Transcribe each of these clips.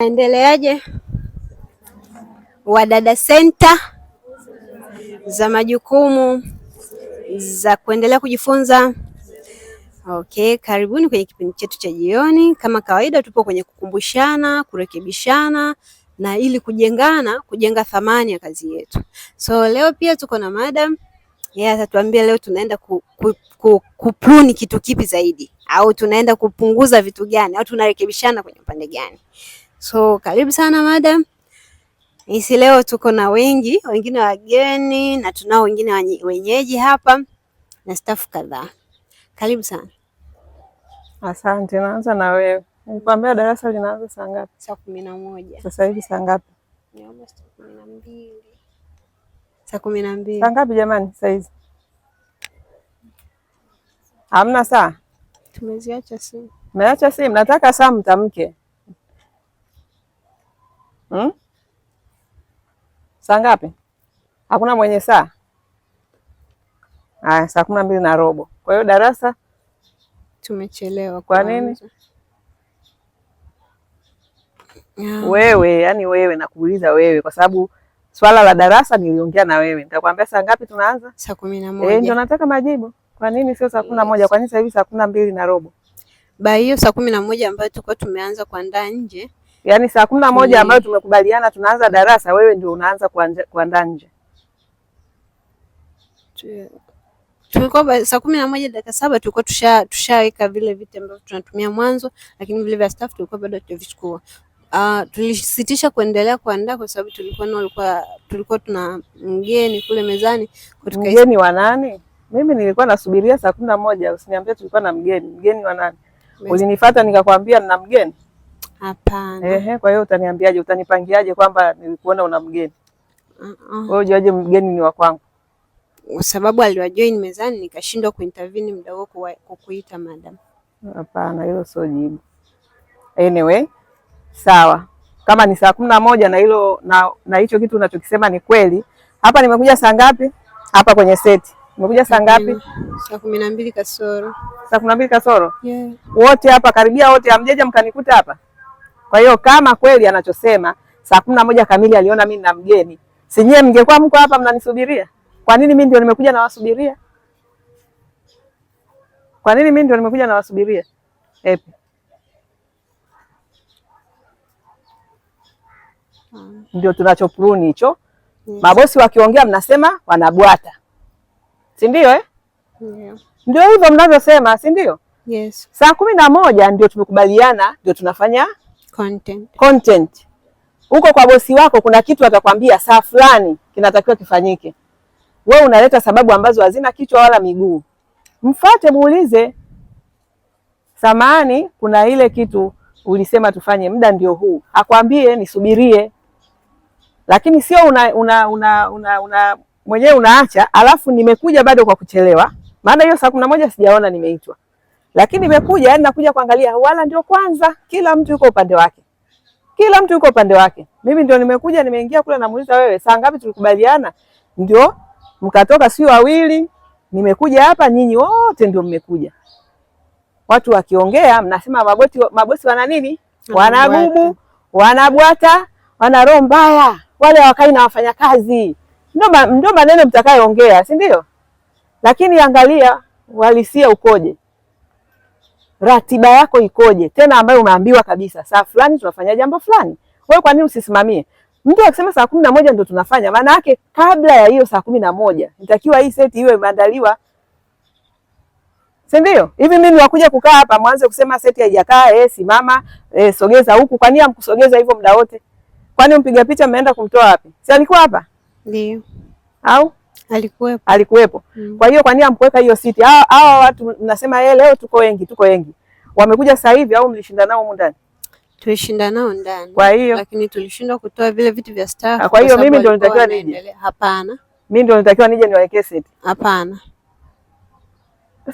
Endeleaje Wadada Senta za majukumu za kuendelea kujifunza. Okay, karibuni kwenye kipindi chetu cha jioni. Kama kawaida, tupo kwenye kukumbushana, kurekebishana na ili kujengana, kujenga thamani ya kazi yetu. So leo pia tuko na madam yeye, yeah, atatuambia leo tunaenda ku, ku, ku, kupruni kitu kipi zaidi, au tunaenda kupunguza vitu gani, au tunarekebishana kwenye upande gani? So karibu sana madam. Hisi leo tuko na wengi, wengine wageni na tunao wengine wenyeji hapa na staff kadhaa. Karibu sana. Asante. Naanza na wewe. Nikwambia darasa linaanza saa ngapi? Saa kumi na moja. Sasa hivi saa ngapi? Saa kumi na mbili. Saa ngapi jamani saa Hamna saa? Tumeziacha simu. Mmeacha simu. Nataka saa mtamke hmm? Saa ngapi? Hakuna mwenye saa? Aya, saa kumi na mbili na robo. Kwa hiyo darasa tumechelewa. Kwa nini wewe? Yani wewe nakuuliza wewe, kwa sababu swala la darasa niliongea na wewe, nitakwambia saa ngapi tunaanza. Saa kumi na eh, moja. E, ndio nataka majibu. Kwa nini sio saa kumi na moja? Kwa nini sasa hivi saa kumi na mbili na robo? Ba hiyo saa kumi na moja ambayo tulikuwa tumeanza kuandaa nje yaani saa kumi na moja mm. ambayo tumekubaliana tunaanza darasa, wewe ndio unaanza kuandaa nje. Tulikuwa saa kumi na moja dakika saba tulikuwa tusha tushaweka vile viti ambavyo tunatumia mwanzo, lakini vile vya staff tulikuwa bado hatuvichukua. Uh, ah, tulisitisha kuendelea kuandaa kwa sababu tulikuwa na walikuwa tulikuwa tuna mgeni kule mezani. Mgeni wa nani? Mimi nilikuwa nasubiria saa kumi na moja, usiniambie tulikuwa na mgeni. Mgeni wa nani? Ulinifuata nikakwambia nina mgeni Hapana. Ehe, kwa hiyo utaniambiaje, utanipangiaje kwamba nilikuona una mgeni? Uh Wewe ujuaje mgeni ni wa kwangu? Kwa sababu aliwajoin mezani nikashindwa kuintervene muda huo kukuita madam. Hapana, hilo sio jibu. Anyway, sawa kama ni saa kumi na moja na hilo na na hicho kitu unachokisema ni kweli. Hapa nimekuja saa ngapi? Hapa kwenye seti nimekuja saa ngapi? Mm, saa kumi na mbili kasoro. Saa kumi na mbili kasoro? Yeah. Wote hapa karibia wote hamjeja mkanikuta hapa kwa hiyo kama kweli anachosema saa kumi na moja kamili aliona mimi na mgeni, si nyie mngekuwa mko hapa mnanisubiria? Kwa nini mimi ndio nimekuja nawasubiria? Kwa nini mimi ndio nimekuja nawasubiria? Epi ndio tunachopuruni hicho. Yes. Mabosi wakiongea mnasema wanabwata, si ndio eh? Yeah. Ndio hivyo mnavyosema, si ndio? Yes. Saa kumi na moja ndio tumekubaliana, ndio tunafanya content. Content. Huko kwa bosi wako kuna kitu atakwambia saa fulani kinatakiwa kifanyike, wewe unaleta sababu ambazo hazina kichwa wala miguu. Mfate, muulize, samani, kuna ile kitu ulisema tufanye, muda ndio huu. Akwambie nisubirie, lakini sio una, una, una, una, una mwenyewe unaacha, alafu nimekuja bado kwa kuchelewa, maana hiyo saa kumi na moja sijaona nimeitwa. Lakini nimekuja yani, nakuja kuangalia, wala ndio kwanza, kila mtu yuko upande wake, kila mtu yuko upande wake. Mimi ndio nimekuja, nimeingia kule, namuuliza wewe, saa ngapi tulikubaliana? Ndio mkatoka, si wawili. Nimekuja hapa, nyinyi wote ndio mmekuja. Watu wakiongea mnasema maboti, mabosi wana nini? Wanagubu, wanabwata, wana roho mbaya, wale hawakai na wafanyakazi. Ndio maneno mtakayoongea, si ndio? Lakini angalia walisia ukoje ratiba yako ikoje, tena ambayo umeambiwa kabisa saa fulani tunafanya jambo fulani. Wewe kwa nini usisimamie? Mtu akisema saa kumi na moja ndo tunafanya, maana yake kabla ya hiyo saa kumi na moja nitakiwa hii seti iwe imeandaliwa, si ndio? Hivi mimi niwakuja kukaa hapa mwanze kusema seti haijakaa, eh, simama, eh, sogeza huku. Kwa nini hamkusogeza hivyo muda wote? Kwani mpiga picha mmeenda kumtoa wapi? Si alikuwa hapa? Ndio. Au alikuwepo, alikuwepo. Mm. Kwa hiyo kwa nini amkuweka hiyo siti? Hawa watu mnasema yeye leo tuko wengi, tuko wengi, wamekuja sasa hivi au mlishinda nao huko ndani? Tulishinda nao ndani, kwa hiyo lakini tulishindwa kutoa vile vitu vya staff. Ah, kwa hiyo mimi ndio nitakiwa nije? Hapana, mimi ndio nitakiwa nije niwawekee siti? Hapana.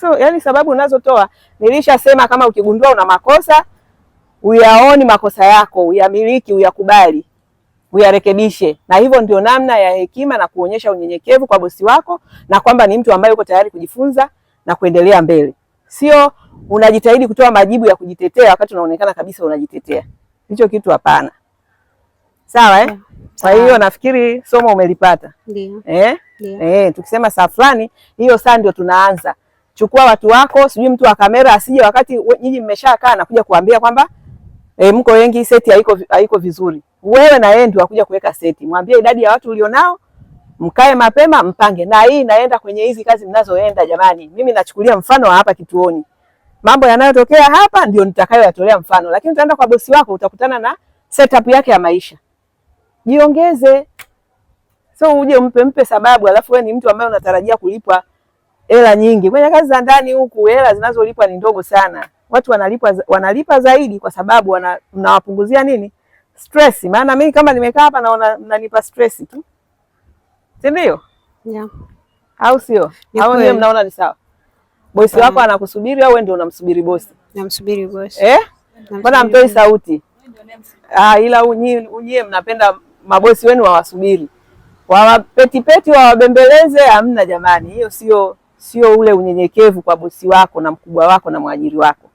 So, yani sababu unazotoa nilishasema, kama ukigundua una makosa uyaoni makosa yako, uyamiliki, uyakubali uyarekebishe, na hivyo ndio namna ya hekima na kuonyesha unyenyekevu kwa bosi wako, na kwamba ni mtu ambaye uko tayari kujifunza na kuendelea mbele, sio unajitahidi kutoa majibu ya kujitetea wakati unaonekana kabisa unajitetea. Hicho kitu hapana. Sawa eh? Kwa hiyo nafikiri somo umelipata. Ndio. Eh? Eh, tukisema saa fulani hiyo saa ndio tunaanza. Chukua watu wako, sijui mtu wa kamera asije wakati nyinyi mmeshakaa na kuja kuambia kwamba E, mko wengi, seti haiko haiko vizuri. Wewe na yeye ndio wakuja kuweka seti, mwambie idadi ya watu ulionao, mkae mapema mpange. Na hii naenda kwenye hizi kazi mnazoenda jamani, mimi nachukulia mfano hapa kituoni, mambo yanayotokea hapa ndio nitakayoyatolea mfano, lakini utaenda kwa bosi wako utakutana na setup yake ya maisha. Jiongeze, so uje mpe mpe sababu, alafu wewe ni mtu ambaye unatarajia kulipwa hela nyingi. Kwenye kazi za ndani huku hela zinazolipwa ni ndogo sana watu wanalipa, wanalipa zaidi kwa sababu mnawapunguzia nini stress. Maana mimi kama nimekaa hapa naona mnanipa stress tu, si ndio? Yeah. au sio? Au ndio mnaona ni sawa? Bosi wako mm-hmm. anakusubiri au wewe ndio unamsubiri bosi? Namsubiri bosi. Eh? Mbona hamtoi sauti? Ah, ila unyie mnapenda mabosi wenu wawasubiri, wawapetipeti, wawabembeleze. Hamna jamani, hiyo sio sio ule unyenyekevu kwa bosi wako na mkubwa wako na mwajiri wako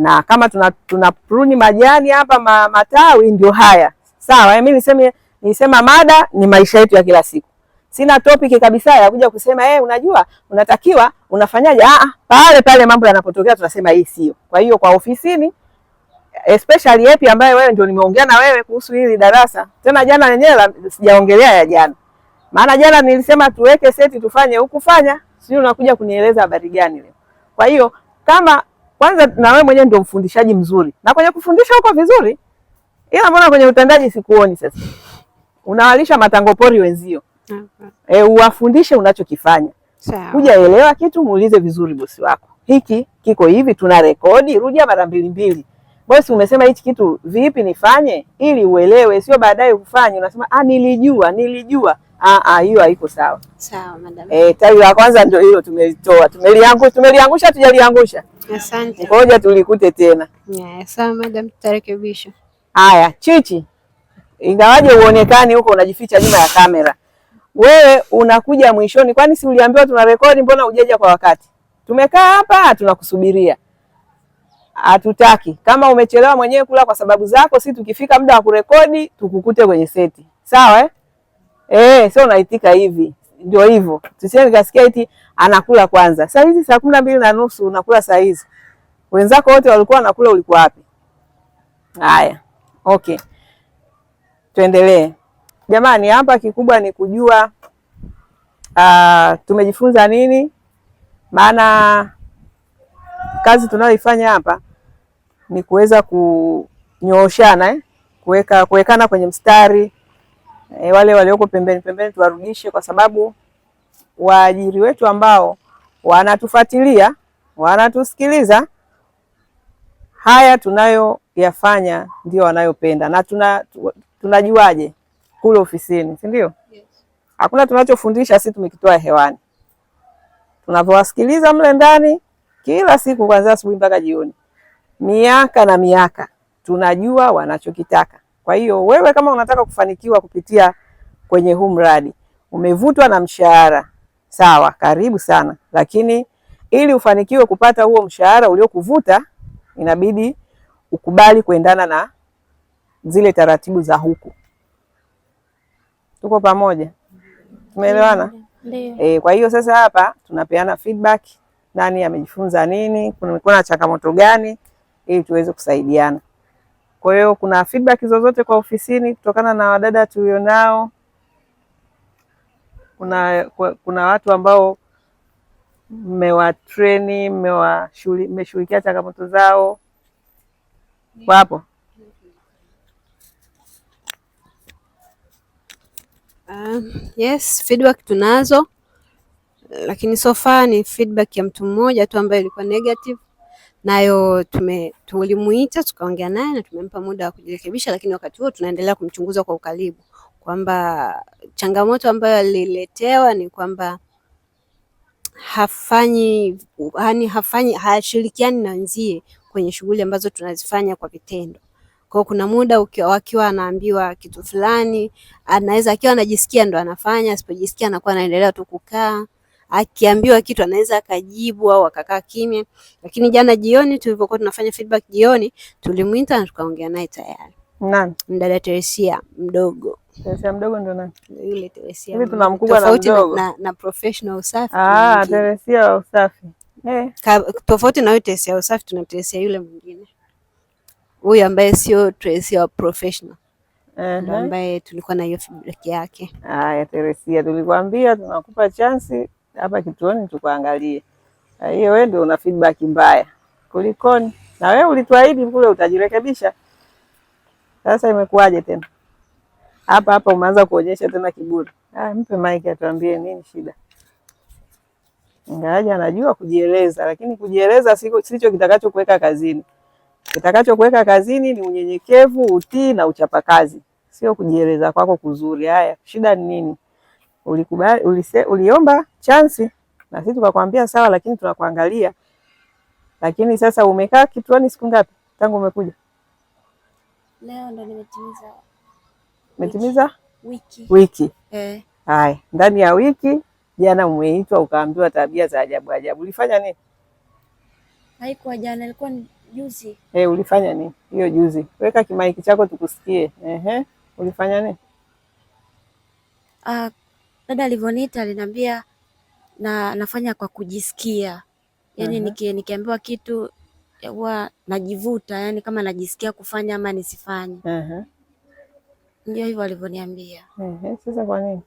na kama tuna, tuna pruni majani hapa ma, matawi ndio haya sawa. Eh, mimi niseme nisema mada ni maisha yetu ya kila siku, sina topic kabisa ya kuja kusema eh, unajua unatakiwa unafanyaje. Ah, ah pale pale mambo yanapotokea tunasema hii sio. Kwa hiyo kwa ofisini especially yapi ambaye wewe ndio nimeongea na wewe kuhusu hili darasa tena, jana lenyewe sijaongelea ya jana, maana jana nilisema tuweke seti tufanye, hukufanya, sio? unakuja kunieleza habari gani leo. Kwa hiyo kama kwanza na wewe mwenyewe ndio mfundishaji mzuri, na kwenye kufundisha uko vizuri, ila mbona kwenye utendaji sikuoni? Sasa unawalisha matangopori wenzio. E, uwafundishe unachokifanya. Sawa. Hujaelewa kitu, muulize vizuri bosi wako, hiki kiko hivi, tuna rekodi, rudia mara mbili mbili. Bosi, umesema hichi kitu vipi nifanye, ili uelewe, sio baadaye ufanye unasema ah, nilijua nilijua. Ah, ah hiyo haiko sawa. Sawa madam. Eh, tawi la kwanza ndio hilo, tumelitoa tumeliangusha, tumeliangusha tujaliangusha Asante. Ngoja tulikute tena. Yeah, sawa madam, tutarekebisha. Haya, Chichi, ingawaje uonekani huko unajificha nyuma ya kamera, wewe unakuja mwishoni. Kwani si uliambiwa tuna rekodi? Mbona hujaja kwa wakati? Tumekaa hapa tunakusubiria, hatutaki. Kama umechelewa mwenyewe kula kwa sababu zako, si tukifika muda wa kurekodi tukukute kwenye seti, sawa eh? Eh, sio unaitika hivi ndio hivyo, tusiende nikasikia eti anakula kwanza. Saa hizi saa kumi na mbili na nusu unakula saa hizi, wenzako wote walikuwa wanakula, ulikuwa wapi? Haya, okay, tuendelee jamani. Hapa kikubwa ni kujua uh, tumejifunza nini, maana kazi tunayoifanya hapa ni kuweza kunyooshana eh? kuweka kuwekana kwenye mstari e, wale walioko pembeni pembeni tuwarudishe, kwa sababu waajiri wetu ambao wanatufuatilia wanatusikiliza, haya tunayoyafanya ndio wanayopenda. Na tuna tunajuaje? Kule ofisini, si ndio? Yes. Hakuna tunachofundisha sisi tumekitoa hewani, tunavyowasikiliza mle ndani kila siku, kwanzia asubuhi mpaka jioni, miaka na miaka, tunajua wanachokitaka kwa hiyo wewe kama unataka kufanikiwa kupitia kwenye huu mradi, umevutwa na mshahara, sawa, karibu sana, lakini ili ufanikiwe kupata huo mshahara uliokuvuta, inabidi ukubali kuendana na zile taratibu za huku. Tuko pamoja? Tumeelewana? E, kwa hiyo sasa hapa tunapeana feedback, nani amejifunza nini, kuna na changamoto gani, ili tuweze kusaidiana. Kwa hiyo kuna feedback zozote kwa ofisini kutokana na wadada tulionao, kuna kuna watu ambao mmewatreni, mmeshughulikia changamoto zao, wapo? Uh, um, yes, feedback tunazo, lakini so far ni feedback ya mtu mmoja tu ambayo ilikuwa negative nayo tume tulimuita tukaongea naye na tumempa muda wa kujirekebisha, lakini wakati huo tunaendelea kumchunguza kwa ukaribu, kwamba changamoto ambayo aliletewa ni kwamba hafanyi yani, hafanyi hashirikiani na wenzie kwenye shughuli ambazo tunazifanya kwa vitendo. Kwa kuna muda ukiwa, akiwa anaambiwa kitu fulani, anaweza akiwa anajisikia ndo anafanya, asipojisikia anakuwa anaendelea tu kukaa akiambiwa kitu anaweza akajibu au akakaa kimya. Lakini jana jioni tulipokuwa tunafanya feedback jioni, tulimwita na tukaongea naye tayari. Nani? Mdada Teresia mdogo. Teresia mdogo ndio nani? Yule Teresia. Mimi tuna mkubwa na mdogo. Na, na professional usafi. Ah, Teresia wa usafi. Eh. Ka, tofauti na yule Teresia wa usafi tuna Teresia yule mwingine. Huyu ambaye sio Teresia wa professional. Uh -huh. Ambaye tulikuwa na hiyo feedback yake. ya Teresia tulikwambia tunakupa chance hapa kituoni tukuangalie. tukaangalie. Hiyo wewe ndio una feedback mbaya kulikoni, na wewe ulituahidi kule utajirekebisha. Sasa imekuwaje tena hapa hapa umeanza kuonyesha tena kiburi? Ah, mpe mike atuambie nini shida. Ingawaje anajua kujieleza, lakini kujieleza siko sicho kitakacho kuweka kazini. Kitakacho kuweka kazini ni unyenyekevu, utii na uchapakazi, sio kujieleza kwako kuzuri. Haya, shida ni nini? Ulikubali, uliomba chansi na sisi tukakwambia sawa, lakini tunakuangalia. Lakini sasa umekaa kituoni siku ngapi tangu umekuja? Leo ndo nimetimiza umetimiza wiki, wiki. Eh. Haya, ndani ya wiki jana umeitwa ukaambiwa tabia za ajabu ajabu, ulifanya nini? Haikuwa jana, ilikuwa juzi. Eh, ulifanya nini hiyo juzi? Weka kimaiki chako tukusikie. Ehe, ulifanya nini? Ah, dada alivyoniita aliniambia na nafanya kwa kujisikia yani uh -huh. niki, nikiambiwa kitu huwa najivuta yani kama najisikia kufanya ama nisifanye uh -huh. Ndio hivyo alivyoniambia. -huh. sasa kwa nini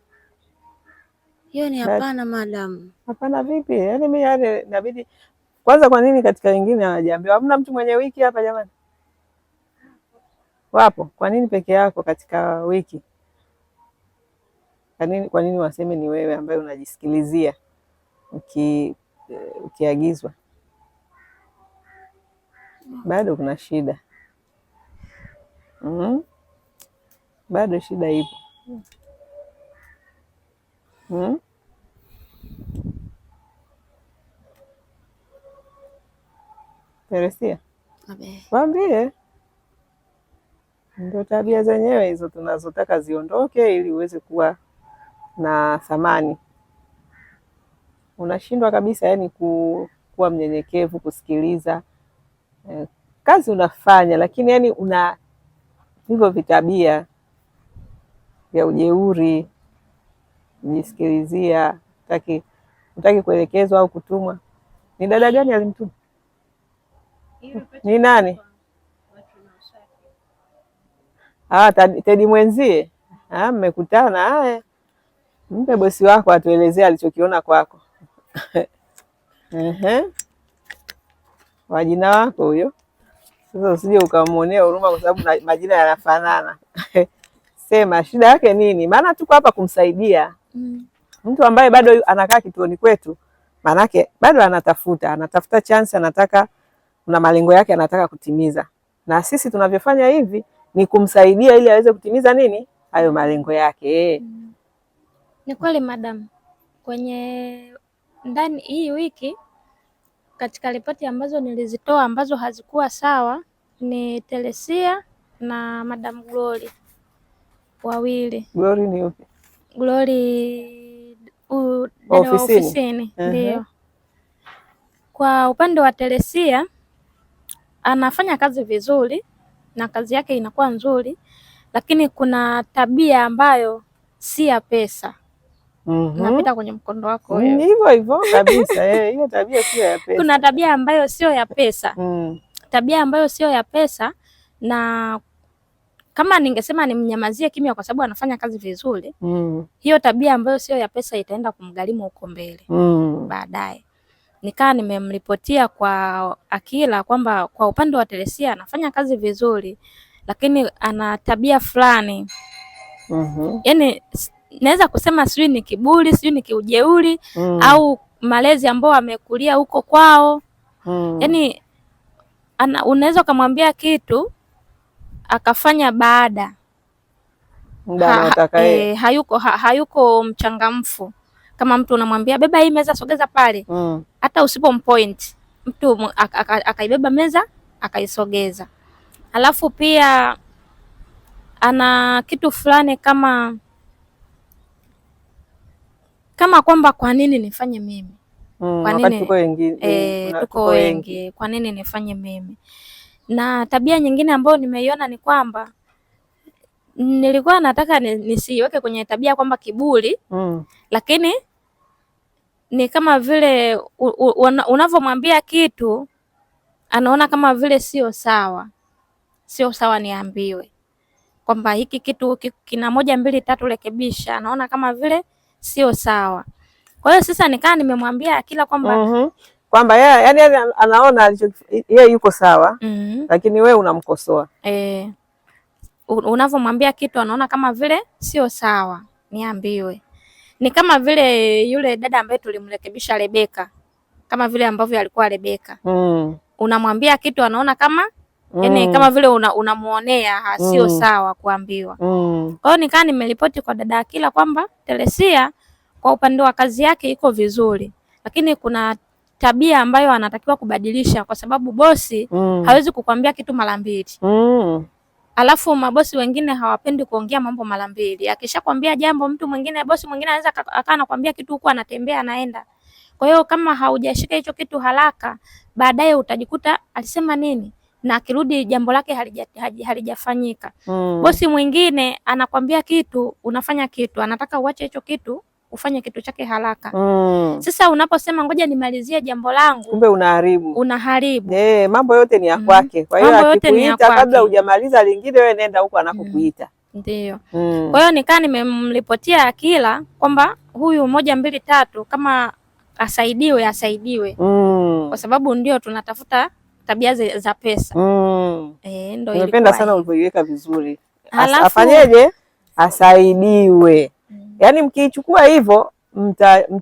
hiyo ni hapana madam? Hapana vipi? yani mimi yani inabidi kwanza, kwa nini katika wengine anajiambiwa Hamna mtu mwenye wiki hapa jamani? Wapo. Kwa nini peke yako katika wiki? Kwa nini, kwa nini waseme ni wewe ambaye unajisikilizia uki, ukiagizwa bado kuna shida mm. Bado shida ipo mm. Teresia, wambie ndo tabia zenyewe hizo tunazotaka ziondoke, ili uweze kuwa na thamani unashindwa kabisa yani ku, kuwa mnyenyekevu, kusikiliza eh, kazi unafanya lakini yani una hivyo vitabia vya ujeuri, kujisikilizia, utaki utaki kuelekezwa au kutumwa. Ni dada gani alimtuma? Ni nani? Ah, Tedi mwenzie. Ah, mmekutana. Haya, ah, eh. mpe bosi wako atuelezee alichokiona kwako. Ehe, wajina wako huyo. Sasa usije ukamwonea huruma kwa sababu majina yanafanana. Sema shida yake nini? Maana tuko hapa kumsaidia mm. Mtu ambaye bado anakaa kituoni kwetu, maanake bado anatafuta anatafuta chance, anataka kuna malengo yake anataka kutimiza, na sisi tunavyofanya hivi ni kumsaidia ili aweze kutimiza nini hayo malengo yake mm. Ni kweli madam, kwenye ndani hii wiki katika ripoti ambazo nilizitoa ambazo hazikuwa sawa ni Teresia na Madam Glory wawili. Glory ni upi? Glory u, ofisini, ofisini. Uh -huh. Ndio. Kwa upande wa Teresia anafanya kazi vizuri na kazi yake inakuwa nzuri, lakini kuna tabia ambayo si ya pesa Mm -hmm. Napita kwenye mkondo wako mm, wewe. Hivyo hivyo kabisa. Eh, hiyo tabia sio ya pesa. Kuna tabia ambayo sio ya pesa. Mm. Tabia ambayo sio ya pesa na kama ningesema nimnyamazie kimya kwa sababu anafanya kazi vizuri. Mm. Hiyo tabia ambayo sio ya pesa itaenda kumgharimu huko mbele. Mm. Baadaye. Nikaa nimemripotia kwa Akila kwamba kwa upande wa Teresia anafanya kazi vizuri lakini ana tabia fulani. Mm -hmm. Yaani naweza kusema sijui ni kiburi, sijui ni kiujeuri mm. au malezi ambao amekulia huko kwao mm. yaani unaweza ukamwambia kitu akafanya baada ha, e, hayuko, ha, hayuko mchangamfu kama mtu unamwambia beba hii meza, sogeza pale mm. hata usipompoint mtu akaibeba meza akaisogeza, alafu pia ana kitu fulani kama kama kwamba kwa nini nifanye mimi mm, kwa nini tuko wengi e, tuko wengi, kwa nini nifanye mimi? Na tabia nyingine ambayo nimeiona ni kwamba nilikuwa nataka nisiweke kwenye tabia kwamba kiburi mm, lakini ni kama vile unavyomwambia kitu anaona kama vile sio sawa, sio sawa, niambiwe kwamba hiki kitu kina moja mbili tatu, rekebisha. Anaona kama vile sio sawa. Kwa hiyo sasa nikaa nimemwambia Akila kwamba mm -hmm. kwamba yeye yani anaona yeye yuko sawa mm -hmm. lakini we unamkosoa eh, unavyomwambia kitu anaona kama vile sio sawa. Niambiwe ni kama vile yule dada ambaye tulimrekebisha Rebeka, kama vile ambavyo alikuwa Rebeka mm. unamwambia kitu anaona kama Yaani mm. kama vile unamuonea una sio mm. sawa kuambiwa mm. kwa hiyo nikaa nimeripoti kwa dada Akila kwamba teresia kwa upande wa kazi yake iko vizuri, lakini kuna tabia ambayo anatakiwa kubadilisha, kwa sababu bosi mm. hawezi kukwambia kitu mara mbili mm. Alafu mabosi wengine hawapendi kuongea mambo mara mbili. Akishakwambia jambo mtu mwingine, bosi mwingine anaweza akawa anakwambia kitu huku anatembea anaenda. Kwa hiyo kama haujashika hicho kitu haraka, baadaye utajikuta alisema nini na akirudi jambo lake halijafanyika. Mm. Bosi mwingine anakwambia kitu, unafanya kitu, anataka uache hicho kitu ufanye kitu chake haraka. Mm. Sasa unaposema ngoja nimalizie jambo langu, kumbe unaharibu, unaharibu. Eh, mambo yote ni ya mm. kwake. Mm. Kwa hiyo akikuita kabla hujamaliza lingine, wewe nenda huko anakokuita. Mm. Ndio. Mm. Kwa hiyo nikaa nimemlipotia Akila kwamba huyu moja mbili tatu, kama asaidiwe asaidiwe. Mm. Kwa sababu ndio tunatafuta tabia za pesa mm. E, ndo nimependa sana ulivyoiweka vizuri. Alafu, afanyeje asaidiwe mm. Yaani mkiichukua hivyo mtapiga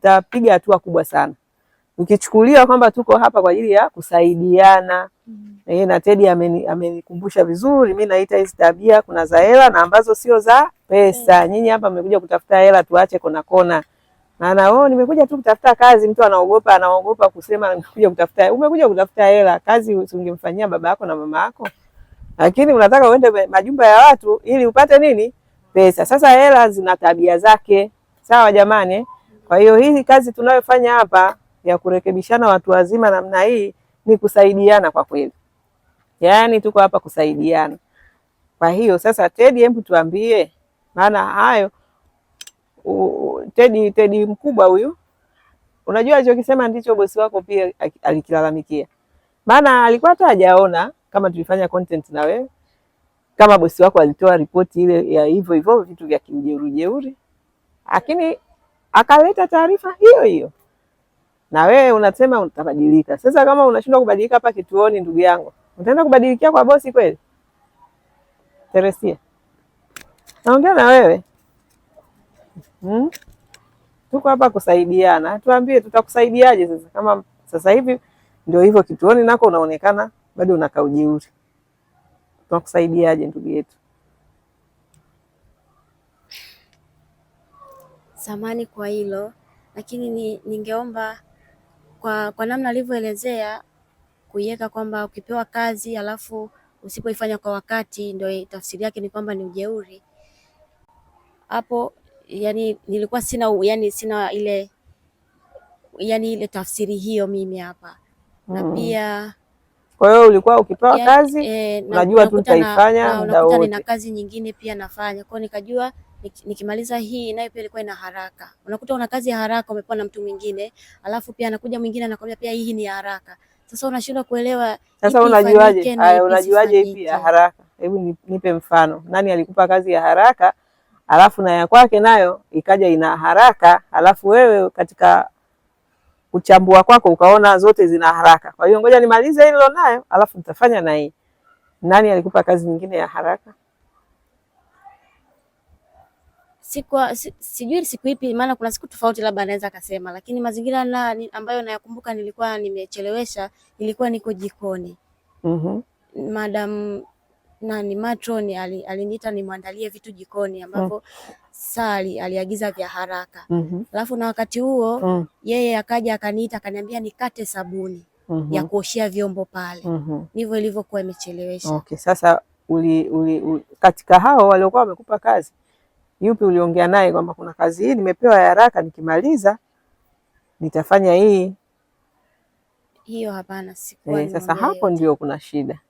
mta hatua kubwa sana mkichukulia kwamba tuko hapa kwa ajili ya kusaidiana mm. E, na Teddy amenikumbusha vizuri, mi naita hizi tabia kuna za hela na ambazo sio za pesa mm. Nyinyi hapa mmekuja kutafuta hela, tuache kona kona na na nao, oh, nimekuja tu kutafuta kazi. Mtu anaogopa anaogopa kusema nimekuja kutafuta. Umekuja kutafuta hela, kazi usingemfanyia baba yako na mama yako, lakini unataka uende majumba ya watu ili upate nini? Pesa. Sasa hela zina tabia zake, sawa jamani? Eh? Kwa hiyo hii kazi tunayofanya hapa ya kurekebishana watu wazima namna hii ni kusaidiana kwa kweli, yaani tuko hapa kusaidiana. Kwa hiyo sasa, Teddy, hebu tuambie maana hayo Tedi, Tedi mkubwa huyu, unajua alichokisema ndicho bosi wako pia alikilalamikia, maana alikuwa hata hajaona kama tulifanya content na wewe kama bosi wako alitoa ripoti ile ya hivyo hivyo vitu vya kimjeuri jeuri, lakini akaleta taarifa hiyo hiyo, na wewe unasema utabadilika. Sasa kama unashindwa kubadilika hapa kituoni, ndugu yangu, utaenda kubadilikia kwa bosi kweli? Teresia, naongea na wewe hmm? Tuko hapa kusaidiana, tuambie tutakusaidiaje sasa. Kama sasa hivi ndio hivyo kituoni nako unaonekana bado unakaa ujeuri, tunakusaidiaje ndugu yetu? Samani kwa hilo lakini ni, ningeomba kwa, kwa namna alivyoelezea kuiweka kwamba ukipewa kazi alafu usipoifanya kwa wakati, ndio tafsiri yake ni kwamba ni ujeuri hapo yani nilikuwa sina yani sina ile yani ile tafsiri hiyo mimi hapa na mm-hmm. pia kwa hiyo ulikuwa ukipewa yani, kazi e, unajua tu utaifanya ah, muda wote. Nina kazi nyingine pia nafanya, kwa nikajua nikimaliza hii nayo pia ilikuwa ina haraka. Unakuta una kazi ya haraka umepewa na mtu mwingine, alafu pia anakuja mwingine anakwambia pia hii ni ya haraka. Sasa unashindwa kuelewa. Sasa unajuaje? Unajuaje ipi ya haraka? Hebu nipe mfano, nani alikupa kazi ya haraka alafu na ya kwake nayo ikaja ina haraka, alafu wewe katika kuchambua kwako ukaona zote zina haraka. Kwa hiyo ngoja nimalize hilo nayo, alafu nitafanya na hii. Nani alikupa kazi nyingine ya haraka? Siku sijui siku ipi, maana kuna siku tofauti, labda anaweza akasema, lakini mazingira na ambayo nayakumbuka nilikuwa nimechelewesha, ilikuwa niko jikoni. mm -hmm. Madam nani matron aliniita nimwandalie vitu jikoni ambapo mm. Sali aliagiza vya haraka mm -hmm. Alafu na wakati huo mm. yeye akaja akaniita akaniambia nikate sabuni mm -hmm. ya kuoshea vyombo pale mm -hmm. ndivyo ilivyokuwa imechelewesha. Okay, sasa uli, uli, uli, katika hao waliokuwa wamekupa kazi yupi uliongea naye kwamba kuna kazi hii nimepewa ya haraka, nikimaliza nitafanya hii hiyo? Hapana, sikuwa. Eh, sasa hapo ndio kuna shida.